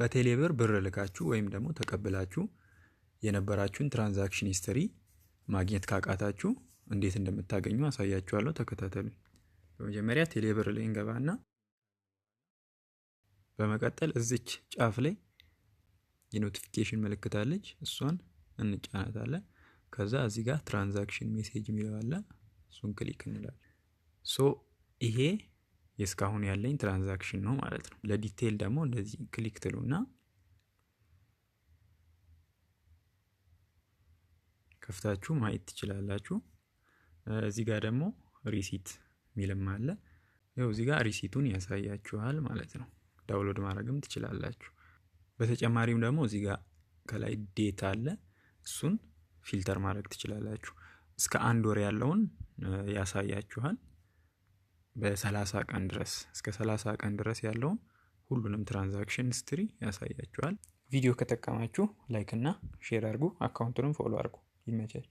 በቴሌብር ብር ልካችሁ ወይም ደግሞ ተቀብላችሁ የነበራችሁን ትራንዛክሽን ሂስትሪ ማግኘት ካቃታችሁ እንዴት እንደምታገኙ አሳያችኋለሁ። ተከታተሉ። በመጀመሪያ ቴሌብር ላይ እንገባና በመቀጠል እዚች ጫፍ ላይ የኖቲፊኬሽን ምልክት አለች። እሷን እንጫናታለን። ከዛ እዚህ ጋር ትራንዛክሽን ሜሴጅ የሚለው አለ። እሱን ክሊክ እንላለን። ሶ ይሄ የእስካሁን ያለኝ ትራንዛክሽን ነው ማለት ነው። ለዲቴይል ደግሞ እንደዚህ ክሊክ ትሉና ከፍታችሁ ማየት ትችላላችሁ። እዚህ ጋር ደግሞ ሪሲት የሚልም አለ። ያው እዚህ ጋር ሪሲቱን ያሳያችኋል ማለት ነው። ዳውንሎድ ማድረግም ትችላላችሁ። በተጨማሪም ደግሞ እዚህ ጋር ከላይ ዴት አለ። እሱን ፊልተር ማድረግ ትችላላችሁ። እስከ አንድ ወር ያለውን ያሳያችኋል። በሰላሳ ቀን ድረስ እስከ ሰላሳ ቀን ድረስ ያለውን ሁሉንም ትራንዛክሽን ስትሪ ያሳያችኋል። ቪዲዮ ከጠቀማችሁ ላይክ እና ሼር አድርጉ። አካውንቱንም ፎሎ አድርጉ። ይመቻል።